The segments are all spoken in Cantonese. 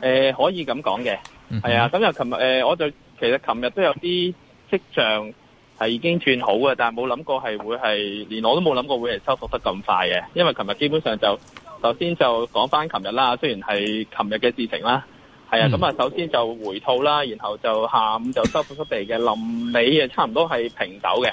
誒、呃，可以咁講嘅，係、嗯、啊。咁就琴日誒、呃，我就其實琴日都有啲迹象係已經轉好嘅，但係冇諗過係會係連我都冇諗過會係收復得咁快嘅。因為琴日基本上就首先就講翻琴日啦，雖然係琴日嘅事情啦，係啊。咁、嗯、啊，首先就回吐啦，然後就下午就收復出嚟嘅，臨尾誒差唔多係平手嘅。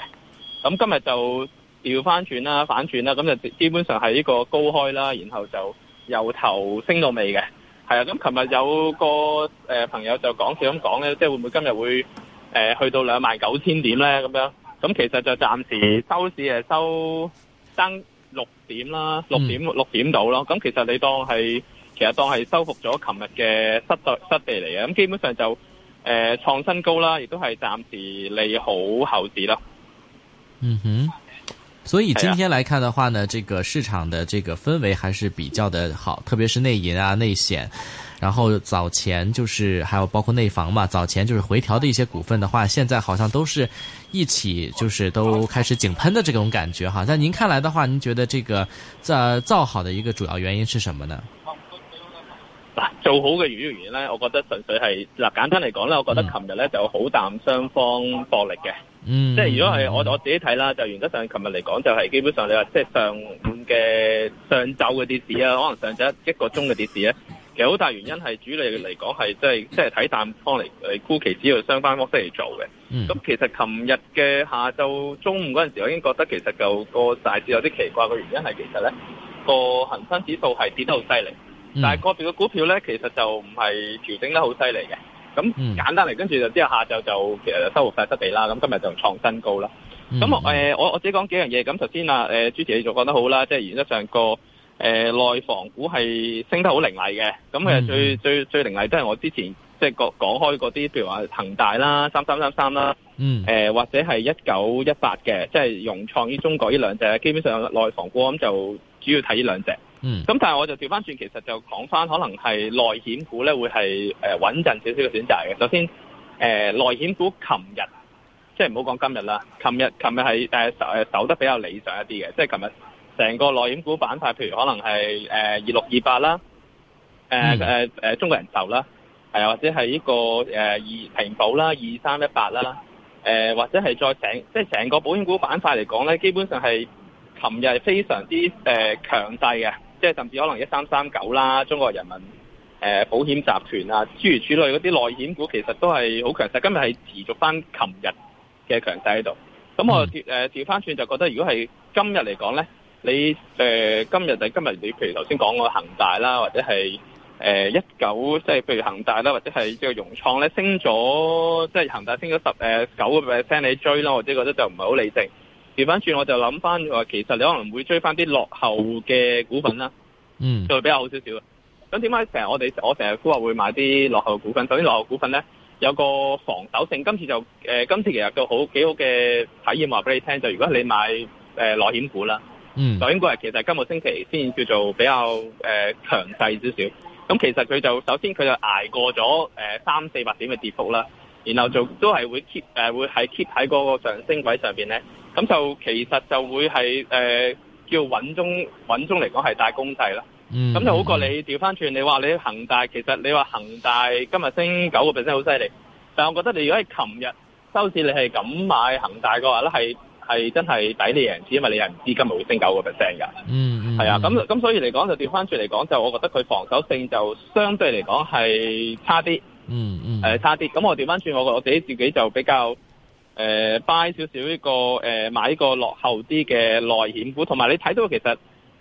咁今日就調翻轉啦，反轉啦，咁就基本上係呢個高開啦，然後就由頭升到尾嘅。係啊，咁琴日有個誒、呃、朋友就講笑咁講咧，即係會唔會今日會誒、呃、去到兩萬九千點咧？咁樣咁其實就暫時收市係收增六點啦，六點六點度咯。咁其實你當係其實當係收復咗琴日嘅失地失地嚟嘅。咁基本上就誒創、呃、新高啦，亦都係暫時利好後市啦。嗯哼。所以今天來看的話呢，這個市場的這個氛圍還是比較的好，特別是內銀啊、內險，然後早前就是還有包括內房嘛，早前就是回調的一些股份的話，現在好像都是一起就是都開始井噴的這種感覺哈。在您看來的話，您覺得這個、啊、造好的一個主要原因是什麼呢？造好嘅主要原因呢，我覺得純粹是簡單嚟講呢，我覺得琴日呢就好淡雙方博弈嘅。嗯，即係如果係我我自己睇啦，就原則上琴日嚟講就係基本上你話即係上，上午嘅上晝嘅跌市啊，可能上晝一個鐘嘅跌市咧，其實好大原因係主力嚟講係即係即係睇淡方嚟嚟沽其主要相關方式嚟做嘅。咁、嗯、其實琴日嘅下晝中午嗰陣時候，我已經覺得其實就個大致有啲奇怪嘅原因係、嗯，其實咧個恒生指數係跌得好犀利，但係個別嘅股票咧其實就唔係調整得好犀利嘅。咁、嗯、簡單嚟，跟住就之後下晝就其實收復晒失地啦。咁今日就創新高啦。咁、嗯、誒、嗯，我我自己講幾樣嘢。咁頭先啊，誒主持你仲講得好啦，即係原則上個誒內房股係升得好凌厲嘅。咁、嗯、誒、嗯、最最最凌厲都係我之前即係講講開嗰啲，譬如話恒大啦、三三三三啦，誒或者係一九一八嘅，即係融創於中國呢兩隻，基本上內房股咁就主要睇呢兩隻。嗯，咁但係我就調翻轉，其實就講翻可能係內險股咧，會係、呃、穩陣少少嘅選擇嘅。首先，呃、內險股琴日即係唔好講今日啦，琴日琴日係誒走得比較理想一啲嘅，即係琴日成個內險股板塊，譬如可能係誒二六二八啦，中國人壽啦，啊、呃，或者係呢、呢個二、呃、平保啦，二三一八啦，或者係再成即係成個保險股板塊嚟講咧，基本上係琴日係非常之、呃、強勢嘅。即係甚至可能一三三九啦，中國人民誒、呃、保險集團啊，諸如此類嗰啲內險股其實都係好強勢。今日係持續翻琴日嘅強勢喺度。咁我誒調翻轉就覺得，如果係今日嚟講咧，你誒、呃、今日就今日你譬如頭先講個恒大啦，或者係誒一九，呃、19，即係譬如恒大啦，或者係即係融創咧，升咗即係恒大升咗十誒九個 percent 你追咯，或者覺得就唔係好理性。調翻轉，我就諗翻話其實你可能會追翻啲落後嘅股份啦，嗯，就會比較好少少。咁點解成日我哋我成日都話會買啲落後股份？首先，落後股份咧有個防守性。今次就、呃、今次其實就好幾好嘅體驗話俾你聽，就如果你買誒內、呃、險股啦，嗯、mm.，就應該係其實今個星期先叫做比較誒、呃、強勢少少。咁其實佢就首先佢就捱過咗誒、呃、三四百點嘅跌幅啦，然後就都係會 keep、呃、會喺 keep 喺嗰個上升軌上面咧。咁就其實就會係誒、呃、叫穩中穩中嚟講係帶攻勢啦。嗯。咁就好過你調翻轉，你話你恒大，其實你話恒大今日升九個 percent 好犀利，但我覺得你如果係琴日收市你係咁買恒大嘅話咧，係係真係抵你贏錢，因為你又唔知今日會升九個 percent 㗎。嗯。係啊，咁咁所以嚟講就調翻轉嚟講，就我覺得佢防守性就相對嚟講係差啲。嗯、mm-hmm. 嗯、呃。差啲。咁我調翻轉，我我自己自己就比較。誒，buy 少少呢個誒，買，一、這個呃、買一個落後啲嘅內險股，同埋你睇到其實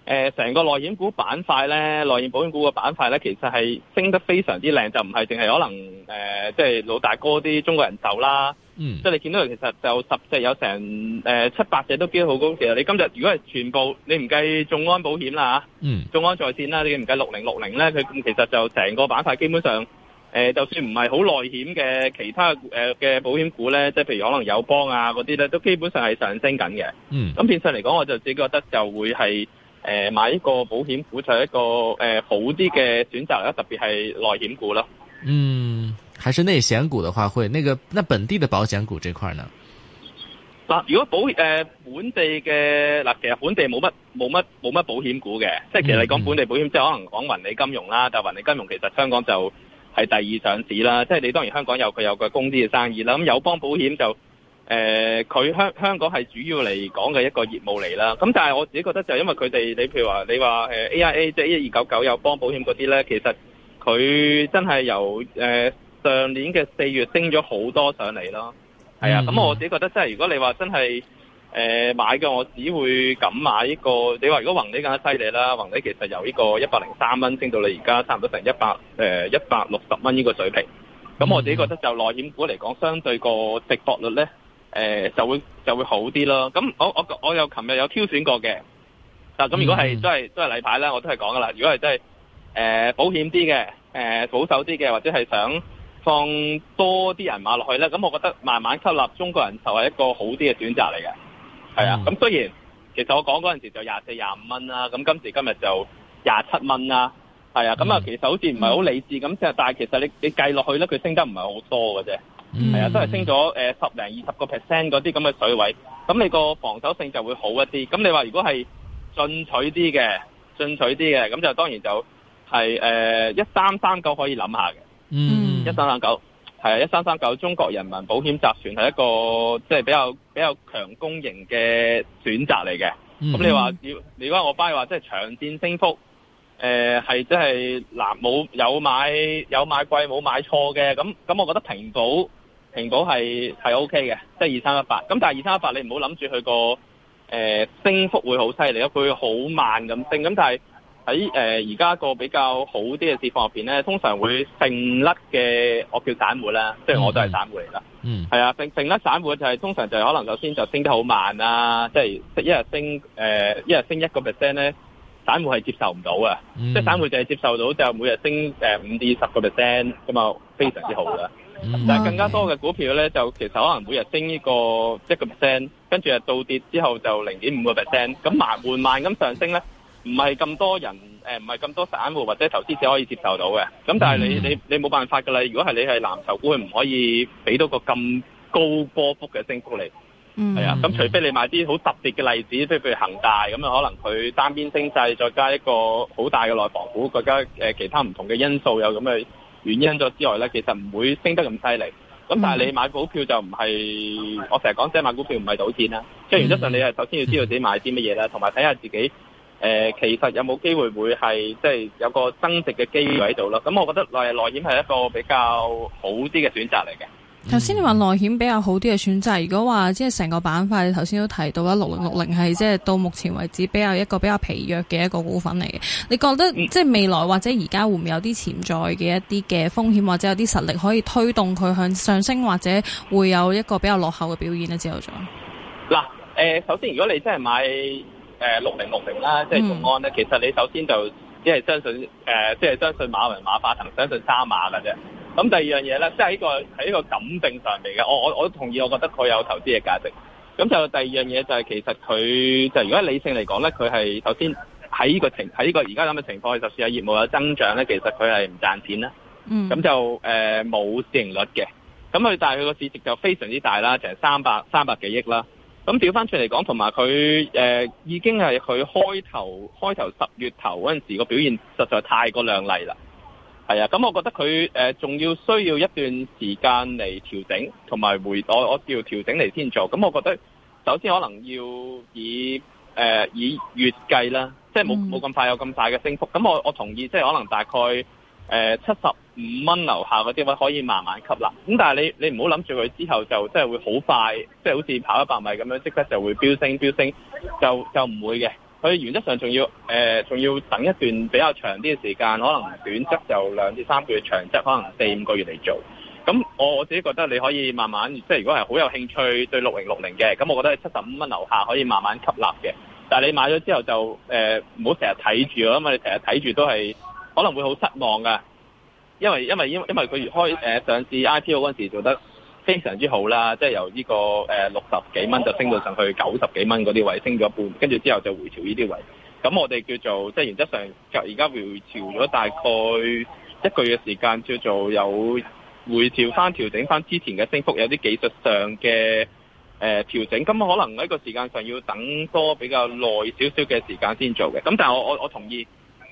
誒，成、呃、個內險股板塊咧，內險保險股嘅板塊咧，其實係升得非常之靚，就唔係淨係可能誒、呃，即係老大哥啲中國人壽啦，嗯、mm.，即係你見到其實就十隻有成誒、呃、七八隻都升得好高，其實你今日如果係全部，你唔計眾安保險啦，嗯，眾安在線啦，你唔計六零六零咧，佢其實就成個板塊基本上。誒、呃，就算唔係好內險嘅其他誒嘅、呃、保險股咧，即係譬如可能友邦啊嗰啲咧，都基本上係上升緊嘅。嗯，咁變相嚟講，我就自己覺得就會係誒、呃、買一個保險股就係一個誒、呃、好啲嘅選擇啦，特別係內險股咯。嗯，還是內險股的話會，那個那本地的保險股這塊呢？嗱，如果保誒、呃、本地嘅嗱、呃，其實本地冇乜冇乜冇乜保險股嘅，即係其實嚟講本地保險、嗯、即係可能講雲理金融啦，但係雲理金融其實香港就。係第二上市啦，即係你當然香港有佢有個公司嘅生意啦。咁友邦保險就誒，佢、呃、香香港係主要嚟講嘅一個業務嚟啦。咁但係我自己覺得就因為佢哋，你譬如話你話、呃、AIA 即係一二九九友邦保險嗰啲呢，其實佢真係由、呃、上年嘅四月升咗好多上嚟咯。係啊，咁、嗯、我自己覺得即係如果你話真係。誒買嘅我只會咁買呢個。你話如果宏利更加犀利啦，宏利其實由呢個一百零三蚊升到你而家差唔多成一百誒一百六十蚊呢個水平。咁我自己覺得就內險股嚟講，相對個值博率咧誒、呃、就會就會好啲咯。咁我我我有琴日有挑選過嘅。就咁，如果係、嗯、都係都係例牌咧，我都係講㗎啦。如果係真係誒保險啲嘅誒保守啲嘅，或者係想放多啲銀碼落去呢，咁我覺得慢慢吸納中國人壽係一個好啲嘅選擇嚟嘅。係啊，咁雖然其實我講嗰陣時就廿四廿五蚊啦，咁、啊、今時今日就廿七蚊啦，係啊，咁啊，其實好似唔係好理智咁、嗯，但係其實你你計落去咧，佢升得唔係好多嘅啫，係、嗯、啊，都係升咗誒十零二十個 percent 嗰啲咁嘅水位，咁你個防守性就會好一啲，咁你話如果係進取啲嘅，進取啲嘅，咁就當然就係誒一三三九可以諗下嘅，嗯，一三三九。係啊，一三三九，1339，中國人民保險集團係一個即係、就是、比較比較強攻型嘅選擇嚟嘅。咁、嗯、你話要你講我翻話，即、就、係、是、長線升幅，誒係即係嗱冇有買有買貴冇買錯嘅。咁咁我覺得平保平保係係 O K 嘅，即係二三一八。咁、就是、但係二三一八你唔好諗住佢個誒升幅會好犀利咯，佢好慢咁升。咁但係。喺誒而家個比較好啲嘅市況入邊咧，通常會剩甩嘅我叫散戶啦，mm-hmm. 即係我都係散戶嚟啦。嗯。係啊，剩剩甩散戶就係、是、通常就係可能首先就升得好慢啊，即、就、係、是、一日升誒、呃、一日升一個 percent 咧，散戶係接受唔到啊。Mm-hmm. 即係散戶就係接受到就每日升誒五至十個 percent 咁啊，非常之好啦。Mm-hmm. 但係更加多嘅股票咧，就其實可能每日升呢個一個 percent，跟住啊倒跌之後就零點五個 percent，咁慢緩慢咁上升咧。唔係咁多人，誒唔係咁多散戶或者投資者可以接受到嘅。咁但係你你你冇辦法㗎啦。如果係你係藍籌股，佢唔可以俾到個咁高波幅嘅升幅嚟，係啊。咁除非你買啲好特別嘅例子，譬如譬如恒大咁啊，可能佢單邊升勢，再加一個好大嘅內房股，加誒其他唔同嘅因素有咁嘅原因咗之外咧，其實唔會升得咁犀利。咁但係你買股票就唔係我成日講，即係買股票唔係賭錢啦。即係原則上，你係首先要知道自己買啲乜嘢啦，同埋睇下自己。誒、呃，其實有冇機會會係即係有個增值嘅機會喺度咯？咁我覺得內內險係一個比較好啲嘅選擇嚟嘅。嗯、頭先你話內險比較好啲嘅選擇，如果話即係成個板塊，你頭先都提到啦，六零六零係即係到目前為止比較一個比較疲弱嘅一個股份嚟嘅。你覺得、嗯、即係未來或者而家會唔會有啲潛在嘅一啲嘅風險，或者有啲實力可以推動佢向上升，或者會有一個比較落後嘅表現呢？之後咗嗱，誒、呃，首先如果你真係買。誒六零六零啦，即係眾安咧。其實你首先就即係相信誒，即、就、係、是、相信馬雲、馬化騰、相信三馬嘅啫。咁第二樣嘢咧，即係喺呢個喺呢個感性上面嘅，我我我同意，我覺得佢有投資嘅價值。咁就第二樣嘢就係其實佢就如果理性嚟講咧，佢係首先喺呢個情喺呢個而家咁嘅情況，就算有業務有增長咧，其實佢係唔賺錢啦。嗯。咁就誒冇、呃、市盈率嘅。咁佢但係佢個市值就非常之大啦，成三百三百幾億啦。咁調翻出嚟講，同埋佢誒已經係佢開頭開頭十月頭嗰陣時個表現實在太過靚麗啦，係啊！咁我覺得佢誒仲要需要一段時間嚟調整，同埋回到我調調整嚟先做。咁我覺得首先可能要以誒、呃、以月計啦，即係冇冇咁快有咁大嘅升幅。咁我我同意，即係可能大概誒七十。呃五蚊樓下嗰啲位可以慢慢吸納，咁但係你你唔好諗住佢之後就即係會好快，即係好似跑一百米咁樣，即刻就會飆升飆升，就就唔會嘅。佢原則上仲要誒仲要等一段比較長啲嘅時間，可能短則就兩至三個月，長則可能四五個月嚟做。咁我我自己覺得你可以慢慢，即係如果係好有興趣對六零六零嘅，咁我覺得你七十五蚊樓下可以慢慢吸納嘅。但係你買咗之後就誒唔好成日睇住咯，因為你成日睇住都係可能會好失望噶。因為因為因因為佢開誒、呃、上市 IPO 嗰陣時做得非常之好啦，即係由呢個誒六十幾蚊就升到上去九十幾蚊嗰啲位，升咗一半，跟住之後就回調呢啲位。咁我哋叫做即係原則上，而家回調咗大概一個月的時間，叫做有回調翻、調整翻之前嘅升幅，有啲技術上嘅誒、呃、調整。咁可能喺個時間上要等多比較耐少少嘅時間先做嘅。咁但係我我我同意。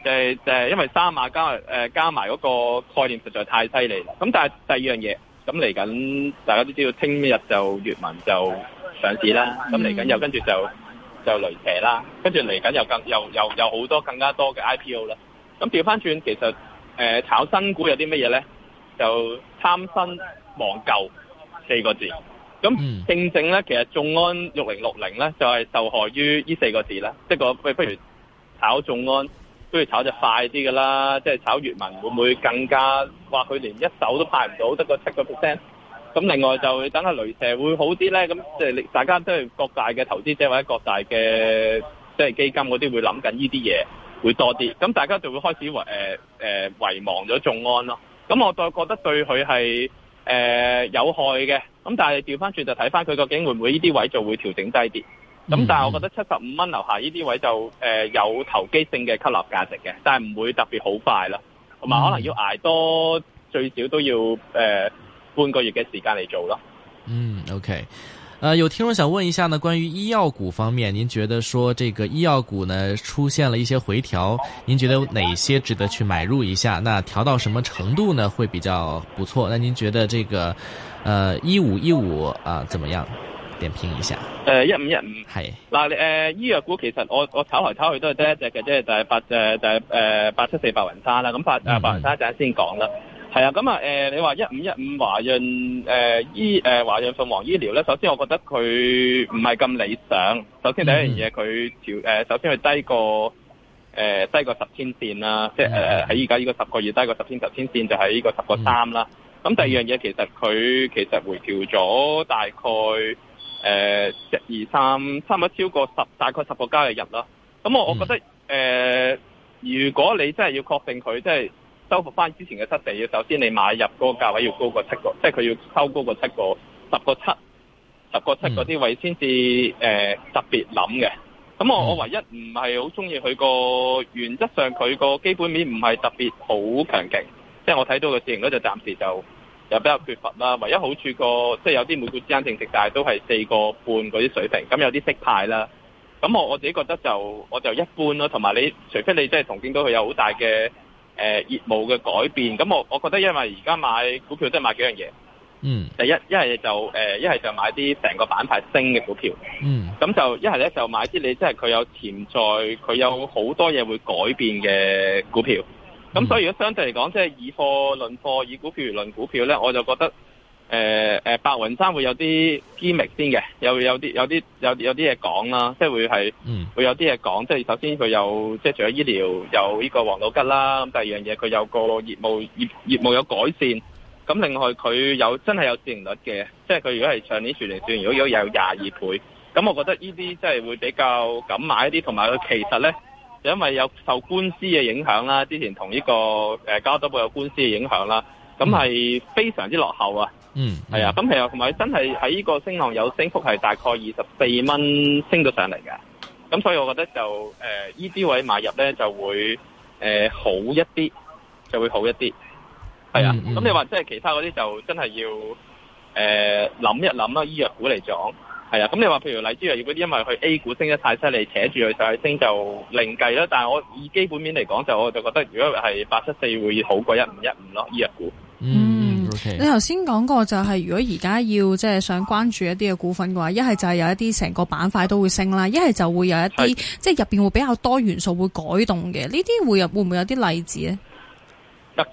就係就係，因為三馬加加埋嗰個概念實在太犀利啦。咁但係第二樣嘢咁嚟緊，大家都知道，聽日就閱文就上市啦。咁嚟緊又跟住就就雷蛇啦，跟住嚟緊又更又又有好多更加多嘅 IPO 啦。咁調翻轉，其實誒、呃、炒新股有啲乜嘢咧？就貪新忘舊四個字。咁正正咧，其實眾安六零六零咧，就係、是、受害於呢四個字啦。即係個喂，不如炒眾安。都要炒得快啲噶啦，即係炒閱文會唔會更加話佢連一手都派唔到，得個七個 percent？咁另外就等下雷蛇會好啲咧，咁即係大家都係各大嘅投資者或者各大嘅即係基金嗰啲會諗緊呢啲嘢會多啲，咁大家就會開始遺誒誒遺忘咗眾安咯。咁我再覺得對佢係誒有害嘅，咁但係調翻轉就睇翻佢究竟會唔會呢啲位就會調整低啲。咁、嗯嗯、但係我覺得七十五蚊樓下呢啲位就誒、呃、有投機性嘅吸納價值嘅，但係唔會特別好快啦，同埋可能要捱多最少都要誒、呃、半個月嘅時間嚟做咯。嗯，OK，誒、呃、有聽眾想問一下呢，關於醫藥股方面，您覺得說這個醫藥股呢出現了一些回調，您覺得哪些值得去買入一下？那調到什麼程度呢會比較不錯？那您覺得這個，呃一五一五啊，怎麼樣？點評一下，誒一五一五係嗱誒醫藥股，其實我我炒來炒去都係得一隻嘅，即係就係、是、八就係誒八七四白雲山啦。咁白誒白雲山陣先講啦，係啊。咁啊誒你話一五一五華潤誒、呃、醫誒、呃、華潤鳳凰醫療咧，首先我覺得佢唔係咁理想。首先第一樣嘢佢調誒，嗯、首先佢低過誒、呃、低過十天線啦、嗯，即係誒喺而家呢個十個月低過十天十天線就喺呢個十個三啦。咁、嗯、第二樣嘢其實佢其實回調咗大概。誒，一、二、三，差唔多超過十，大概十個交易日啦。咁我我覺得，誒、嗯 uh,，如果你真係要確定佢，即係收復返之前嘅失地，首先你買入嗰個價位要高過七個，即係佢要收高過七個，十個七，十個七嗰啲位先至誒特別諗嘅。咁我我唯一唔係好中意佢個，原則上佢個基本面唔係特別好強勁，即、就、係、是、我睇到個線形，嗰就暫時就。又比較缺乏啦，唯一好處是個即係有啲每股資產淨值大，大都係四個半嗰啲水平，咁有啲息派啦。咁我我自己覺得就我就一般咯，同埋你除非你真係同京東佢有好大嘅誒業務嘅改變，咁我我覺得因為而家買股票都係買幾樣嘢。嗯。第一一係就誒，一係就，呃，就買啲成個板塊升嘅股票。嗯那就。咁就一係咧就買啲你即係佢有潛在，佢有好多嘢會改變嘅股票。咁、嗯、所以如果相對嚟講，即、就、係、是、以貨論貨，以股票論股票咧，我就覺得，誒、呃、白雲山會有啲機密先嘅，有啲有啲有有啲嘢講啦，即、就、係、是、會係、嗯、會有啲嘢講。即、就、係、是、首先佢有即係、就是、除咗醫療，有呢個王老吉啦。咁第二樣嘢佢有個業務業,業務有改善。咁另外佢有真係有市盈率嘅，即係佢如果係上年全年算，如果如果有廿二倍，咁我覺得呢啲即係會比較敢買一啲，同埋佢其實咧。因為有受官司嘅影響啦，之前同呢、這個誒加多寶有官司嘅影響啦，咁係非常之落後啊。嗯。係、嗯、啊，咁其實同埋真係喺呢個升浪有升幅係大概二十四蚊升到上嚟嘅，咁所以我覺得就誒、呃、呢啲位買入咧就會誒、呃、好一啲，就會好一啲。係啊。咁、嗯嗯、你話即係其他嗰啲就真係要誒諗、呃、一諗啦，醫藥股嚟講。係啊，咁你話譬如荔枝肉嗰啲，因為佢 A 股升得太犀利，扯住佢上去升就另計啦。但係我以基本面嚟講，就我就覺得如果係八七四會好過一五一五咯，呢隻股。嗯，你頭先講過就係如果而家要即係想關注一啲嘅股份嘅話，一係就係有一啲成個板塊都會升啦，一係就會有一啲即係入面會比較多元素會改動嘅，呢啲會有會唔會有啲例子咧？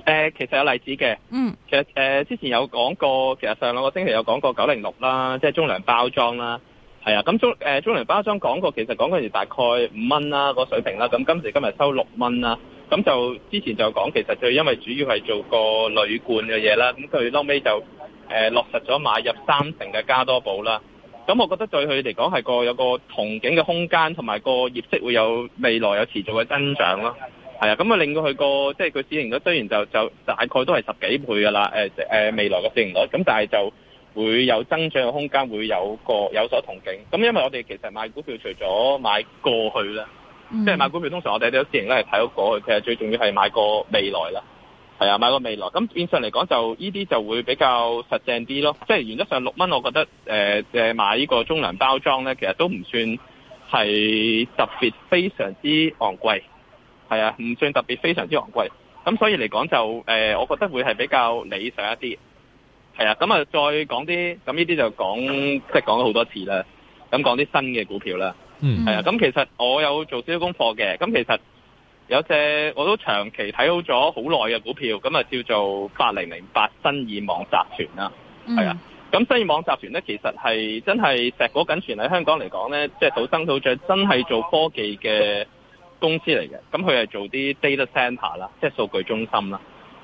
誒，其實有例子嘅，嗯，其實誒之前有講過，其實上兩個星期有講過九零六啦，即係中糧包裝啦，係啊，咁中誒中糧包裝講過，其實講嗰時大概五蚊啦個水平啦，咁今時今日收六蚊啦，咁就之前就講其實就因為主要係做個鋁罐嘅嘢啦，咁佢後尾就誒、呃、落實咗買入三成嘅加多寶啦，咁我覺得對佢嚟講係個有個憧憬嘅空間同埋個業績會有未來有持續嘅增長咯。係啊，咁啊令到佢個即係佢市盈率雖然就就大概都係十幾倍噶啦，誒誒未來嘅市盈率，咁但係就會有增長嘅空間，會有個有所憧憬。咁因為我哋其實買股票除咗買過去啦，即係買股票通常我哋都市盈率係睇到過去，其實最重要係買個未來啦。係啊，買個未來，咁變相嚟講就呢啲就會比較實正啲咯。即係原則上六蚊，我覺得誒誒買呢個中糧包裝咧，其實都唔算係特別非常之昂貴。係啊，唔算特別非常之昂貴，咁所以嚟講就誒、呃，我覺得會係比較理想一啲。係啊，咁、mm. 啊，再講啲咁呢啲就講即係講咗好多次啦。咁講啲新嘅股票啦，係啊。咁其實我有做少少功課嘅，咁其實有隻我都長期睇好咗好耐嘅股票，咁啊叫做八零零八新意網集團啦。係、mm. 啊，咁新意網集團咧，其實係真係碩果僅存喺香港嚟講咧，即係土生土長，真係做科技嘅。公司嚟嘅，咁佢係做啲 data center 啦，即係數據中心啦，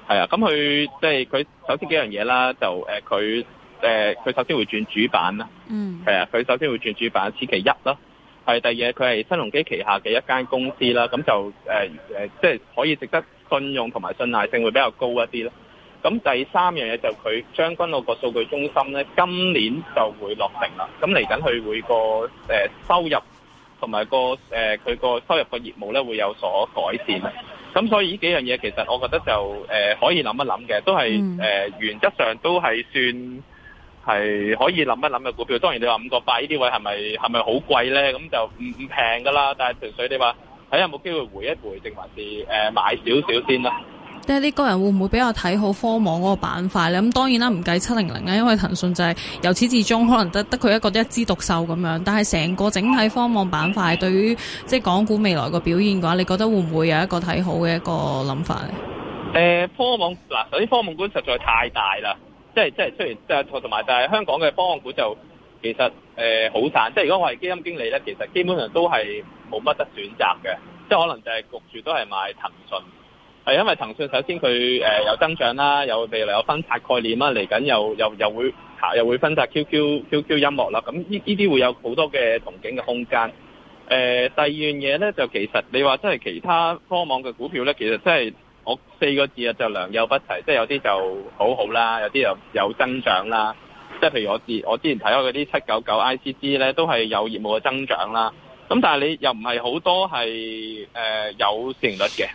係啊，咁佢即係佢首先幾樣嘢啦，就誒佢誒佢首先會轉主板啦，嗯、mm.，係啊，佢首先會轉主板，此其一啦。係第二，佢係新鴻基旗下嘅一間公司啦，咁就誒、呃、即係可以值得信用同埋信賴性會比較高一啲啦。咁第三樣嘢就佢將軍澳個數據中心咧，今年就會落成啦，咁嚟緊佢會個誒收入。同埋個誒佢個收入個業務咧會有所改善，咁所以依幾樣嘢其實我覺得就誒可以諗一諗嘅，都係誒原則上都係算係可以諗一諗嘅股票。當然你話五個八呢啲位係咪係咪好貴咧？咁就唔唔平噶啦，但係純粹你話睇下有冇機會回一回，定還是誒買少少先啦。即係呢個人會唔會比較睇好科網嗰個板塊咧？咁當然啦，唔計七零零呀，因為騰訊就係由始至終可能得得佢一個一枝獨秀咁樣。但係成個整體科網板塊對於即係港股未來個表現嘅話，你覺得會唔會有一個睇好嘅一個諗法咧？誒、呃，科網嗱、呃，首先科網股實在太大啦，即係即係雖然即係同埋就係香港嘅科網股就其實誒好散。即係如果我係基金經理咧，其實基本上都係冇乜得選擇嘅，即係可能就係焗住都係買騰訊。係因為騰訊首先佢誒有增長啦，有未來有分拆概念啦，嚟緊又又又會又會分拆 QQ QQ 音樂啦，咁呢依啲會有好多嘅憧憬嘅空間。誒、呃、第二樣嘢咧，就其實你話真係其他科網嘅股票咧，其實真係我四個字啊，就良莠不齊，即、就、係、是、有啲就很好好啦，有啲又有增長啦。即、就、係、是、譬如我之我之前睇過嗰啲七九九 ICG 咧，都係有業務嘅增長啦。咁但係你又唔係好多係誒有市盈率嘅。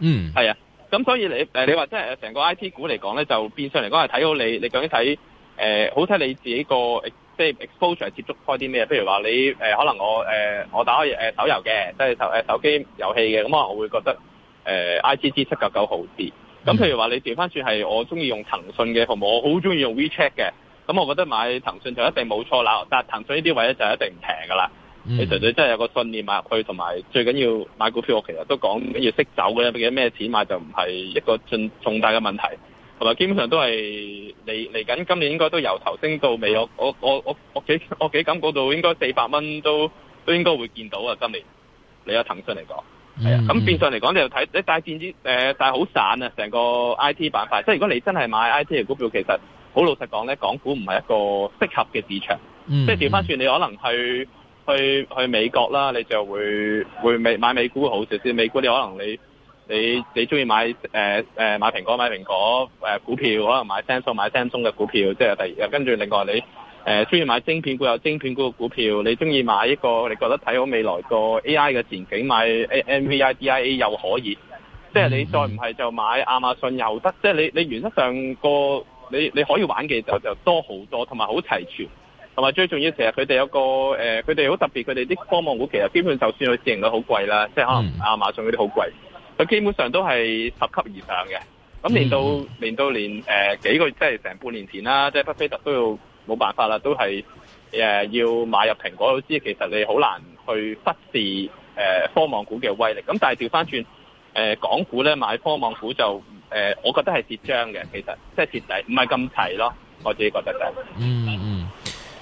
嗯，係啊，咁所以你誒，你話即係成個 I T 股嚟講咧，就變相嚟講係睇好你，你究竟睇誒、呃，好睇你自己個 Ex, 即係 exposure 接觸開啲咩？譬如話你誒、呃，可能我誒、呃，我打開誒手遊嘅，即係手誒手機遊戲嘅，咁我我會覺得誒 I T G 七九九好啲。咁、嗯、譬如話你調翻轉，係我中意用騰訊嘅服務，我好中意用 WeChat 嘅，咁我覺得買騰訊就一定冇錯啦。但係騰訊呢啲位咧就一定唔平噶啦。嗯、你純粹真係有個信念買入去，同埋最緊要買股票，我其實都講緊要識走嘅啫。俾咩錢買就唔係一個重重大嘅問題，同埋基本上都係嚟嚟緊今年應該都由頭升到尾。我我我我我幾我幾感嗰度應該四百蚊都都應該會見到啊！今年你啊，騰訊嚟講係啊，咁變相嚟講你就睇你帶、呃、帶好散啊，成個 I T 板塊。即係如果你真係買 I T 嘅股票，其實好老實講咧，港股唔係一個適合嘅市場，嗯、即係調翻轉你可能去。去去美國啦，你就會會美買美股好少少，美股你可能你你你中意買誒、呃、買蘋果買蘋果誒、呃、股票，可能買 Samsung 買 Samsung 嘅股票，即係第二跟住另外你誒中意買晶片股有晶片股嘅股票，你中意買一個你覺得睇好未來個 AI 嘅前景，買 NVIDIA 又可以，即係你再唔係就買亞馬遜又得，即係你你原則上個你你可以玩嘅就就多好多，同埋好齊全。同埋最重要，其實佢哋有個誒，佢哋好特別，佢哋啲科網股其實基本上就算佢市盈率好貴啦，即係可能亞馬遜嗰啲好貴，佢基本上都係十級以上嘅。咁連到連到、呃、幾個月即係成半年前啦，即係巴菲特都要冇辦法啦，都係誒、呃、要買入蘋果都知，其實你好難去忽視誒、呃、科網股嘅威力。咁但係調翻轉誒港股咧買科網股就誒、呃，我覺得係跌張嘅，其實即係跌底，唔係咁齊咯，我自己覺得就係嗯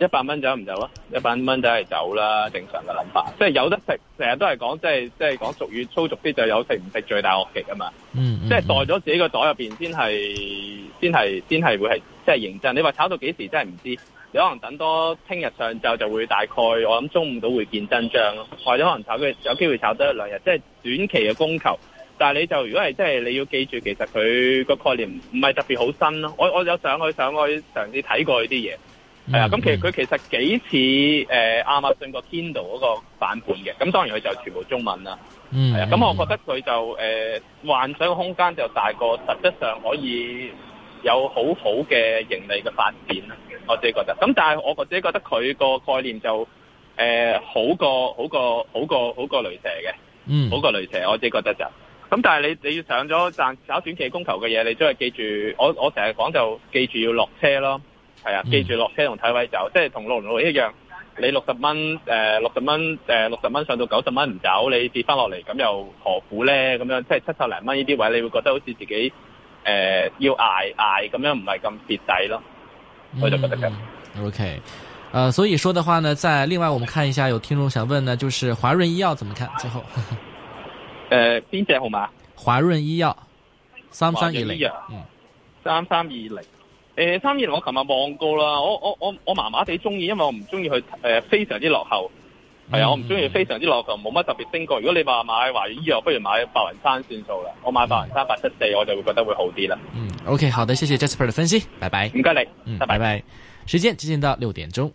一百蚊走唔走咯？一百蚊真係走啦，正常嘅諗法。即係有得食，成日都係講，即係即係講俗語粗俗啲就有食唔食最大惡極啊嘛。嗯。嗯嗯即係袋咗自己個袋入面，先係，先係，先係會係，即係認真。你話炒到幾時真係唔知，你可能等多聽日上晝就會大概，我諗中午都會見真章咯。或者可能炒嘅有機會炒多一兩日，即係短期嘅供求。但係你就如果係即係你要記住，其實佢個概念唔係特別好新咯。我我有上去上去嘗試睇過啲嘢。係啊，咁、嗯嗯、其實佢其實幾似誒亞馬遜個 Kindle 嗰個版本嘅，咁當然佢就全部中文啦。嗯，係、嗯、啊，咁我覺得佢就誒、呃、幻想嘅空間就大過，實質上可以有好好嘅盈利嘅發展啦。我自己覺得，咁但係我自己覺得佢個概念就誒、呃、好過好過好過好過雷蛇嘅，嗯，好過雷蛇。我自己覺得就，咁但係你你要上咗賺炒短期供求嘅嘢，你都係記住，我我成日講就記住要落車咯。係啊，記住落車同睇位走，嗯、即係同六零六一樣。你六十蚊，誒、呃，六十蚊，誒、呃，六十蚊上到九十蚊唔走，你跌翻落嚟，咁又何苦咧？咁樣即係七十零蚊呢啲位，你會覺得好似自己誒、呃、要捱捱，咁樣唔係咁蝕底咯。我就覺得嘅。O K，誒，所以說的話呢，在另外我們看一下，有聽眾想問呢，就是華潤醫藥怎麼看？最後，誒、 呃，邊隻號碼？華潤醫藥，三三二零，三三二零。誒、呃，三二零我琴日望過啦，我我我我麻麻地中意因為我唔中意佢誒非常之落後，係、嗯、啊，我唔中意非常之落後，冇乜特別升過。如果你話買華潤醫藥，不如買白雲山算數啦。我買白雲山八七四，我就會覺得會好啲啦。嗯，OK，好的，謝謝 Jasper 的分析，拜拜。唔該你、嗯，拜拜。時間接近到六點鐘。